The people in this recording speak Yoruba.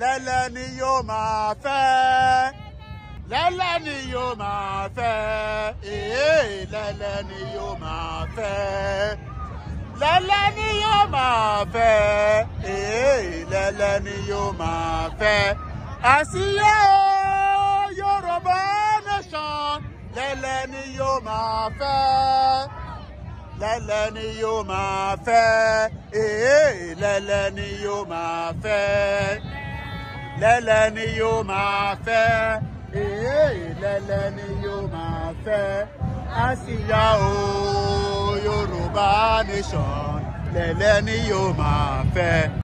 lẹ́lẹ́ ni yóò máa fẹ́ lẹ́lẹ́ ni yóò máa fẹ́ èé lẹ́lẹ́ ni yóò máa fẹ́ lẹ́lẹ́ ni yóò máa fẹ́ èé lẹ́lẹ́ ni yóò máa fẹ́ àṣìyẹ o Yorùbá nation lẹ́lẹ́ ni yóò máa fẹ́ lẹ́lẹ́ ni yóò máa fẹ́ èé lẹ́lẹ́ ni yóò máa fẹ́ lẹ́lẹ́ ni yóò máa fẹ́ èyí lẹ́lẹ́ ni yóò máa fẹ́ àsíá o Yorùbá nation lẹ́lẹ́ ni yóò máa fẹ́.